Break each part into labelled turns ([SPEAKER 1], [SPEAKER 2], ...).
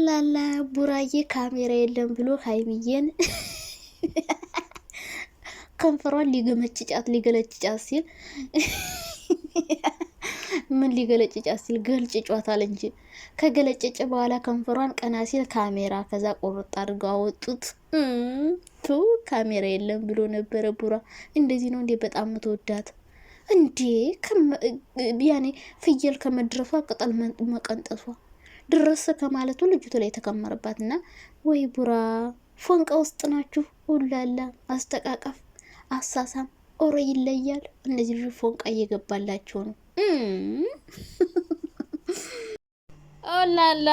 [SPEAKER 1] ኡላላ ቡራዬ ካሜራ የለም ብሎ ሀይሚዬን ከንፈሯን ሊገመጭጫት ሊገለጭጫት ሲል ምን ሊገለጭጫት ሲል ገልጭጫታል እንጂ ከገለጭጭ በኋላ ከንፈሯን ቀና ሲል ካሜራ ከዛ ቆርጥ አድርገው አወጡት። ቱ ካሜራ የለም ብሎ ነበረ። ቡራ እንደዚህ ነው እንዴ? በጣም ምትወዳት እንዴ? ያኔ ፍየል ከመድረሷ ቅጠል መቀንጠሷ ድረስ ከማለቱ ልጅቱ ላይ የተከመረባትና ወይ ቡራ ፎንቃ ውስጥ ናችሁ ሁላላ አስተቃቀፍ አሳሳም ኦሮ ይለያል። እነዚህ ልጅ ፎንቃ እየገባላቸው ነው። ኦላላ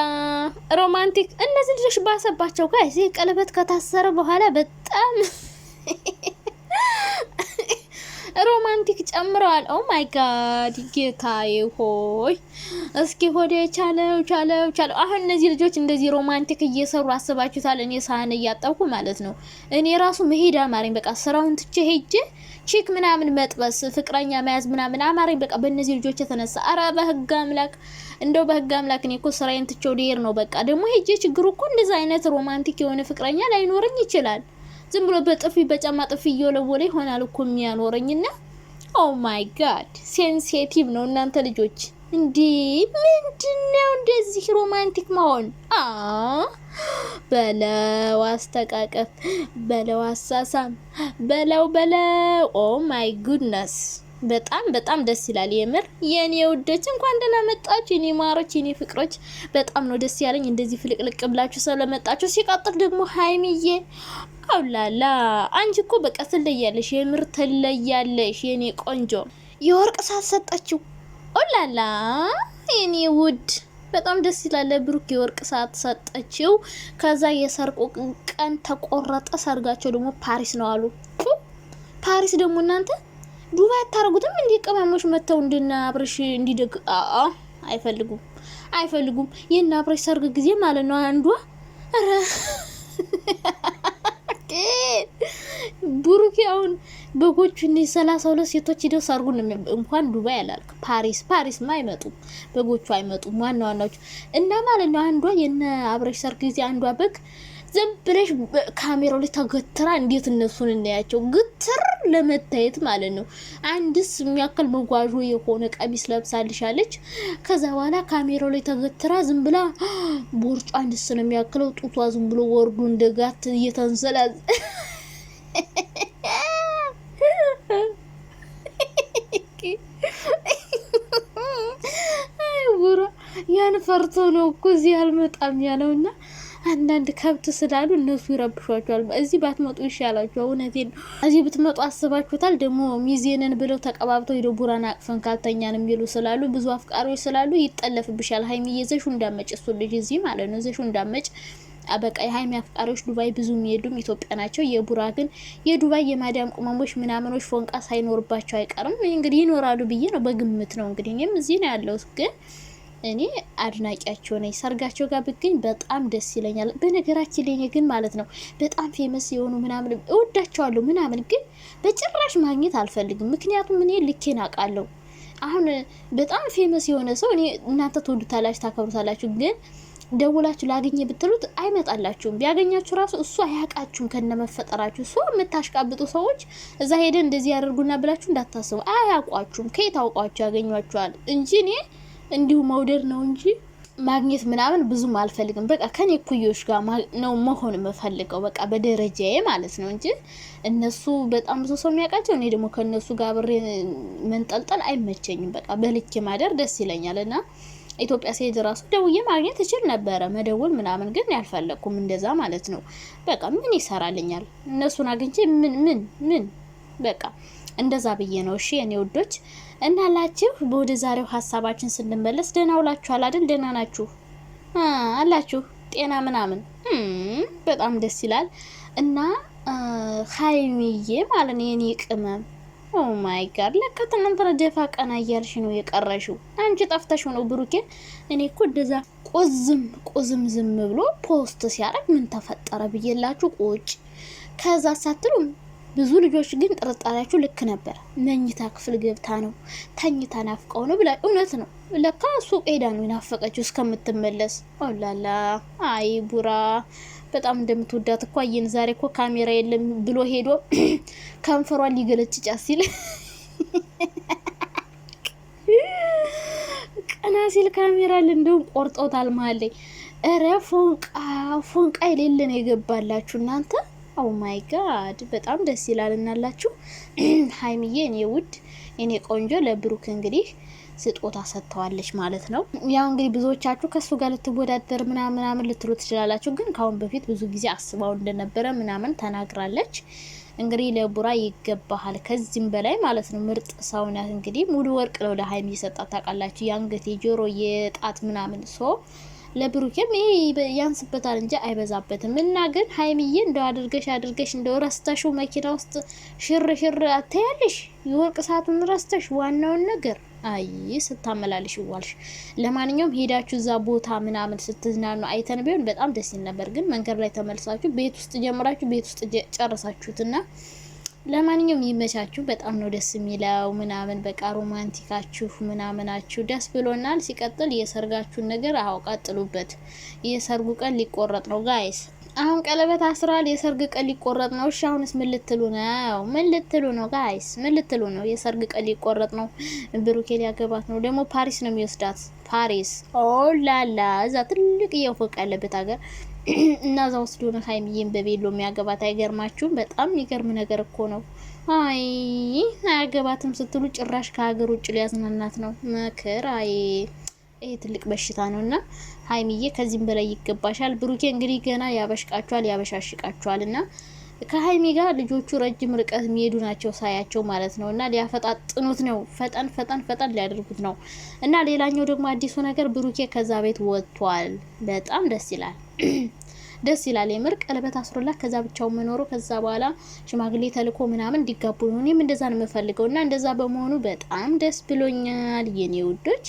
[SPEAKER 1] ሮማንቲክ እነዚህ ልጆች ባሰባቸው። ጋይስ ቀለበት ከታሰረ በኋላ በጣም ሮማንቲክ ጨምረዋል። ኦ ማይ ጋድ ጌታዬ ሆይ እስኪ ሆዴ ቻለው ቻለው ቻለው። አሁን እነዚህ ልጆች እንደዚህ ሮማንቲክ እየሰሩ አስባችሁታል? እኔ ሳህን እያጠብኩ ማለት ነው። እኔ ራሱ መሄድ አማረኝ። በቃ ስራውን ትቼ ሄጄ ቼክ ምናምን መጥበስ ፍቅረኛ መያዝ ምናምን አማረኝ። በቃ በእነዚህ ልጆች የተነሳ አረ በህግ አምላክ እንደው በህግ አምላክ እኔ እኮ ስራዬን ትቼው ልሄድ ነው። በቃ ደግሞ ሄጄ ችግሩ እኮ እንደዚ አይነት ሮማንቲክ የሆነ ፍቅረኛ ላይኖረኝ ይችላል። ዝም ብሎ በጥፊ በጫማ ጥፊ እየወለወለ ይሆናል እኮ የሚያኖረኝና ኦ ማይ ጋድ ሴንሴቲቭ ነው እናንተ ልጆች። እንዲ ምንድነው እንደዚህ ሮማንቲክ መሆን? አ በለው አስተቃቀፍ፣ በለው አሳሳም፣ በለው በለው ኦ ማይ ጉድነስ በጣም በጣም ደስ ይላል። የምር የኔ ውዶች እንኳን ደህና መጣችሁ፣ የኔ ማሮች፣ የኔ ፍቅሮች። በጣም ነው ደስ ያለኝ እንደዚህ ፍልቅልቅ ብላችሁ ስለመጣችሁ። ሲቀጥል ደግሞ ሀይሚዬ አውላላ አንቺ እኮ በቃ ትለያለሽ፣ የምር ትለያለሽ የኔ ቆንጆ። የወርቅ ሰዓት ሰጠችው። ኦላላ የኔ ውድ በጣም ደስ ይላል። ብሩክ የወርቅ ሰዓት ሰጠችው። ከዛ የሰርቁ ቀን ተቆረጠ። ሰርጋቸው ደግሞ ፓሪስ ነው አሉ። ፓሪስ ደግሞ እናንተ ዱባ አታረጉትም? እንዲ ቅመሞች መጥተው እንደና አብረሽ እንዲደግ አይፈልጉም አይፈልጉም። ይህን አብረሽ ሰርግ ጊዜ ማለት ነው አንዷ ኧረ ብሩኬ አሁን በጎቹ እነ ሰላሳ ሁለት ሴቶች ሂደው ሰርጉን እንኳን ዱባይ አላልክ ፓሪስ ፓሪስማ አይመጡም በጎቹ አይመጡም። ዋና ዋናዎቹ እና ማለት ነው አንዷ የነ አብረሽ ሰርግ ጊዜ አንዷ በግ ዝም ብለሽ ካሜራው ላይ ተገትራ እንዴት እነሱን እናያቸው? ግትር ለመታየት ማለት ነው። አንድስ የሚያክል መጓዦ የሆነ ቀሚስ ለብሳልሻለች። ከዛ በኋላ ካሜራው ላይ ተገትራ ዝም ብላ ቦርጩ አንድስ ነው የሚያክለው ጡቷ ዝም ብሎ ወርዱ እንደጋት እየተንሰላዝ ያን ፈርቶ ነው እኮ እዚህ አልመጣም ያለውና አንዳንድ ከብት ስላሉ እነሱ ይረብሿቸዋል። እዚህ ባትመጡ ይሻላቸው። እውነቴን እዚህ ብትመጡ አስባችሁታል። ደግሞ ሚዜንን ብለው ተቀባብተው ሄደ ቡራን አቅፈን ካልተኛን የሚሉ ስላሉ ብዙ አፍቃሪዎች ስላሉ ይጠለፍብሻል። ሀይሚ የዘሹ እንዳመጭ እሱ ልጅ እዚህ ማለት ነው ዘሹ እንዳመጭ አበቃ የሀይሚ አፍቃሪዎች ዱባይ ብዙ የሚሄዱም ኢትዮጵያ ናቸው። የቡራ ግን የዱባይ የማዳም ቅመሞች ምናምኖች ፎንቃ ሳይኖርባቸው አይቀርም። እንግዲህ ይኖራሉ ብዬ ነው በግምት ነው እንግዲህ እኔም እዚህ ነው ያለሁት ግን እኔ አድናቂያቸው ነኝ። ሰርጋቸው ጋር ብገኝ በጣም ደስ ይለኛል። በነገራችን ላይ ግን ማለት ነው በጣም ፌመስ የሆኑ ምናምን እወዳቸዋለሁ ምናምን፣ ግን በጭራሽ ማግኘት አልፈልግም። ምክንያቱም እኔ ልኬን አውቃለሁ። አሁን በጣም ፌመስ የሆነ ሰው እኔ እናንተ ትወዱታላችሁ፣ ታከብሩታላችሁ ግን ደውላችሁ ላገኘ ብትሉት አይመጣላችሁም። ቢያገኛችሁ ራሱ እሱ አያውቃችሁም ከነመፈጠራችሁ። እሱ የምታሽቃብጡ ሰዎች እዛ ሄደን እንደዚህ ያደርጉና ብላችሁ እንዳታስቡ፣ አያውቋችሁም። ከየት አውቋችሁ ያገኟችኋል እንጂ እኔ እንዲሁ መውደድ ነው እንጂ ማግኘት ምናምን ብዙም አልፈልግም። በቃ ከኔ ኩዮች ጋር ነው መሆን የምፈልገው፣ በቃ በደረጃዬ ማለት ነው እንጂ እነሱ በጣም ብዙ ሰው የሚያውቃቸው፣ እኔ ደግሞ ከእነሱ ጋር ብሬ መንጠልጠል አይመቸኝም። በቃ በልኬ ማደር ደስ ይለኛል። እና ኢትዮጵያ ስሄድ ራሱ ደውዬ ማግኘት እችል ነበረ፣ መደወል ምናምን ግን ያልፈለግኩም እንደዛ ማለት ነው። በቃ ምን ይሰራልኛል? እነሱን አግኝቼ ምን ምን ምን በቃ እንደዛ ብዬ ነው። እሺ የኔ ውዶች እናላችሁ በወደ ዛሬው ሀሳባችን ስንመለስ ደህና ውላችኋል አይደል? ደህና ናችሁ አላችሁ ጤና ምናምን በጣም ደስ ይላል። እና ሀይሚዬ ማለት ነው የኔ ቅመም ኦ ማይ ጋድ ለካ ትናንትና ደፋ ቀና እያልሽ ነው የቀረሽው። አንቺ ጠፍተሽ ነው ብሩኬን። እኔ እኮ እንደዛ ቁዝም ቁዝም ዝም ብሎ ፖስት ሲያደርግ ምን ተፈጠረ ብዬላችሁ ቁጭ ከዛ ሳትሉም ብዙ ልጆች ግን ጥርጣሬያችሁ ልክ ነበር። መኝታ ክፍል ገብታ ነው ተኝታ ናፍቀው ነው ብላ እውነት ነው። ለካ ሱቅ ሄዳ ነው የናፈቀችው እስከምትመለስ። ኦላላ አይ ቡራ በጣም እንደምትወዳት እኮ አየን። ዛሬ እኮ ካሜራ የለም ብሎ ሄዶ ከንፈሯን ሊገለጭ ጫት ሲል ቀና ሲል ካሜራ አለ እንደውም ቆርጦታል መሀል ላይ። ፎንቃ ፎንቃ የሌለን የገባላችሁ እናንተ ኦ ማይ ጋድ በጣም ደስ ይላል። እናላችሁ ሀይሚዬ፣ እኔ ውድ እኔ ቆንጆ ለብሩክ እንግዲህ ስጦታ ሰጥተዋለች ማለት ነው። ያው እንግዲህ ብዙዎቻችሁ ከእሱ ጋር ልትወዳደር ምናምን ምናምን ልትሉ ትችላላችሁ። ግን ከአሁን በፊት ብዙ ጊዜ አስባው እንደነበረ ምናምን ተናግራለች። እንግዲህ ለቡራ ይገባሃል፣ ከዚህም በላይ ማለት ነው። ምርጥ ሰው እንግዲህ ሙሉ ወርቅ ነው ለሀይሚ እየሰጣት ታውቃላችሁ። የአንገት የጆሮ የጣት ምናምን ሶ ለብሩኬም ይሄ ያንስበታል እንጂ አይበዛበትም። እና ግን ሀይሚዬ እንደው አድርገሽ አድርገሽ እንደው ረስተሽው መኪና ውስጥ ሽር ሽር አታያለሽ የወርቅ ሰዓቱን ረስተሽ ዋናውን ነገር አይ ስታመላልሽ ዋልሽ። ለማንኛውም ሄዳችሁ እዛ ቦታ ምናምን ስትዝናኑ አይተን ቢሆን በጣም ደስ ይል ነበር። ግን መንገድ ላይ ተመልሳችሁ ቤት ውስጥ ጀምራችሁ ቤት ውስጥ ጨርሳችሁትና። ለማንኛውም ይመቻችሁ። በጣም ነው ደስ የሚለው ምናምን በቃ ሮማንቲካችሁ ምናምናችሁ ደስ ብሎናል። ሲቀጥል የሰርጋችሁን ነገር አዎ ቀጥሉበት። የሰርጉ ቀን ሊቆረጥ ነው ጋይስ። አሁን ቀለበት አስሯል። የሰርግ ቀን ሊቆረጥ ነው። እሺ አሁንስ ምን ልትሉ ነው? ምን ልትሉ ነው ጋይስ? ምን ልትሉ ነው? የሰርግ ቀን ሊቆረጥ ነው። ብሩኬ ሊያገባት ነው። ደግሞ ፓሪስ ነው የሚወስዳት ፓሪስ። ኦላላ እዛ ትልቅ የፎቅ ያለበት ሀገር እና እዛ ወስዶ ነው ሀይሚዬን በቤሎ የሚያገባት። አይገርማችሁም? በጣም የሚገርም ነገር እኮ ነው። አይ አያገባትም ስትሉ ጭራሽ ከሀገር ውጭ ሊያዝናናት ነው። መከራ አይ ይሄ ትልቅ በሽታ ነው። እና ሀይሚዬ ከዚህም በላይ ይገባሻል። ብሩኬ እንግዲህ ገና ያበሽቃችኋል፣ ያበሻሽቃችኋል እና ከሀይሚ ጋር ልጆቹ ረጅም ርቀት የሚሄዱ ናቸው ሳያቸው ማለት ነው። እና ሊያፈጣጥኑት ነው፣ ፈጠን ፈጠን ፈጠን ሊያደርጉት ነው። እና ሌላኛው ደግሞ አዲሱ ነገር ብሩኬ ከዛ ቤት ወጥቷል። በጣም ደስ ይላል። ደስ ይላል የምር ቀለበት አስሮላት ከዛ ብቻው መኖሩ ከዛ በኋላ ሽማግሌ ተልኮ ምናምን እንዲጋቡ ነው። እኔም እንደዛ ነው የምፈልገው እና እንደዛ በመሆኑ በጣም ደስ ብሎኛል የኔ ውዶች።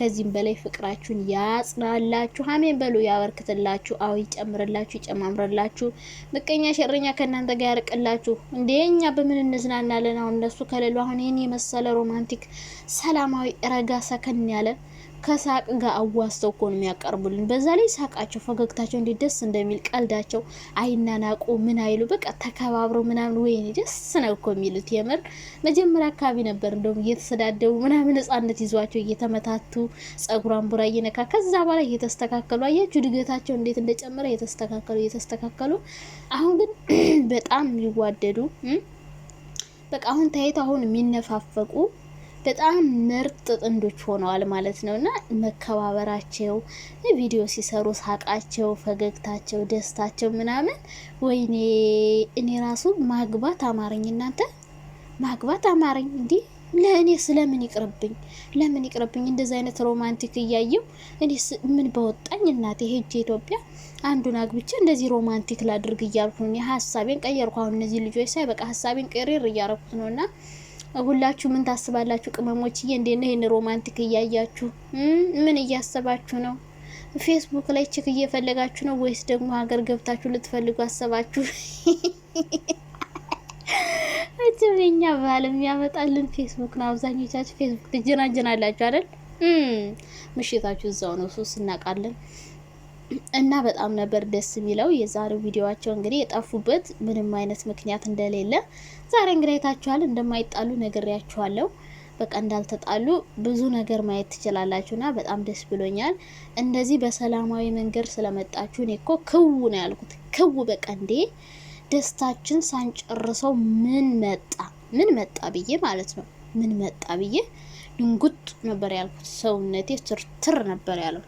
[SPEAKER 1] ከዚህም በላይ ፍቅራችሁን ያጽናላችሁ፣ አሜን በሉ፣ ያበርክትላችሁ፣ አዎ ይጨምርላችሁ፣ ይጨማምርላችሁ፣ ምቀኛ ሸረኛ ከእናንተ ጋር ያርቅላችሁ። እንደ እኛ በምን እንዝናናለን? አሁን እነሱ ከሌሉ አሁን ይህን የመሰለ ሮማንቲክ ሰላማዊ ረጋ ሰከን ያለ ከሳቅ ጋር አዋስተው እኮ ነው የሚያቀርቡልን። በዛ ላይ ሳቃቸው፣ ፈገግታቸው እንዴት ደስ እንደሚል ቀልዳቸው፣ አይናናቁ ምን አይሉ፣ በቃ ተከባብረው ምናምን ወይኔ ደስ ነው እኮ የሚሉት። የምር መጀመሪያ አካባቢ ነበር እንደውም እየተሰዳደቡ ምናምን ነጻነት ይዟቸው እየተመታቱ ጸጉሯን ቡራ እየነካ ከዛ በኋላ እየተስተካከሉ አያችሁ ድገታቸው እንዴት እንደጨመረ እየተስተካከሉ እየተስተካከሉ አሁን ግን በጣም የሚዋደዱ በቃ አሁን ታየት አሁን የሚነፋፈቁ በጣም ምርጥ ጥንዶች ሆነዋል ማለት ነው እና መከባበራቸው፣ ቪዲዮ ሲሰሩ ሳቃቸው፣ ፈገግታቸው፣ ደስታቸው ምናምን ወይኔ እኔ ራሱ ማግባት አማረኝ። እናንተ ማግባት አማረኝ እንዲህ ለእኔ ስለምን ይቅርብኝ፣ ለምን ይቅርብኝ? እንደዚ አይነት ሮማንቲክ እያየው እኔ ምን በወጣኝ እናቴ ሄጄ ኢትዮጵያ አንዱን አግብቼ እንደዚህ ሮማንቲክ ላድርግ እያልኩ ነው ሀሳቤን ቀየርኩ። አሁን እነዚህ ልጆች ሳይ በቃ ሀሳቤን ቅሪር እያረኩት ነው እና ሁላችሁ ምን ታስባላችሁ? ቅመሞችዬ እንዴት ነው ይህን ሮማንቲክ እያያችሁ ምን እያሰባችሁ ነው? ፌስቡክ ላይ ችክ እየፈለጋችሁ ነው ወይስ ደግሞ ሀገር ገብታችሁ ልትፈልጉ አሰባችሁ? እችም የኛ ባህል የሚያመጣልን ፌስቡክ ነው። አብዛኞቻችሁ ፌስቡክ ትጀናጀናላችሁ አይደል? ምሽታችሁ እዛው ነው ሱስ እናውቃለን። እና በጣም ነበር ደስ የሚለው የዛሬው ቪዲዮቸው እንግዲህ የጠፉበት ምንም አይነት ምክንያት እንደሌለ ዛሬ እንግዲህ አይታችኋል። እንደማይጣሉ ነግሬያችኋለሁ። በቃ እንዳልተጣሉ ብዙ ነገር ማየት ትችላላችሁና በጣም ደስ ብሎኛል። እንደዚህ በሰላማዊ መንገድ ስለመጣችሁ እኔ እኮ ክው ነው ያልኩት። ክው በቃ እንዴ ደስታችን ሳንጨርሰው ምን መጣ ምን መጣ ብዬ ማለት ነው ምን መጣ ብዬ ድንጉጥ ነበር ያልኩት። ሰውነቴ ትርትር ነበር ያለው።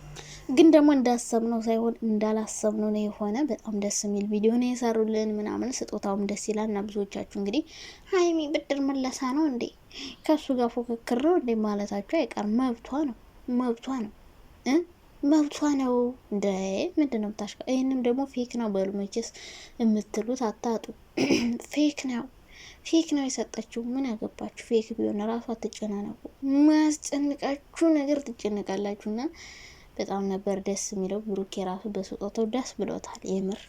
[SPEAKER 1] ግን ደግሞ እንዳሰብነው ሳይሆን እንዳላሰብነው ነው የሆነ። በጣም ደስ የሚል ቪዲዮ ነው የሰሩልን ምናምን፣ ስጦታውም ደስ ይላል። እና ብዙዎቻችሁ እንግዲህ ሀይሚ ብድር መለሳ ነው እንዴ ከሱ ጋር ፉክክር ነው እንዴ ማለታችሁ አይቀርም። መብቷ ነው መብቷ ነው መብቷ ነው እንደ ምንድን ነው ታሽ ይህንም ደግሞ ፌክ ነው በሉ መቼስ የምትሉት አታጡ። ፌክ ነው ፌክ ነው የሰጠችው። ምን ያገባችሁ? ፌክ ቢሆን ራሷ አትጨናነቁ። ማያስጨንቃችሁ ነገር ትጨነቃላችሁና በጣም ነበር ደስ የሚለው። ብሩኬ ራሱ በስጦታው ደስ ብሎታል የምር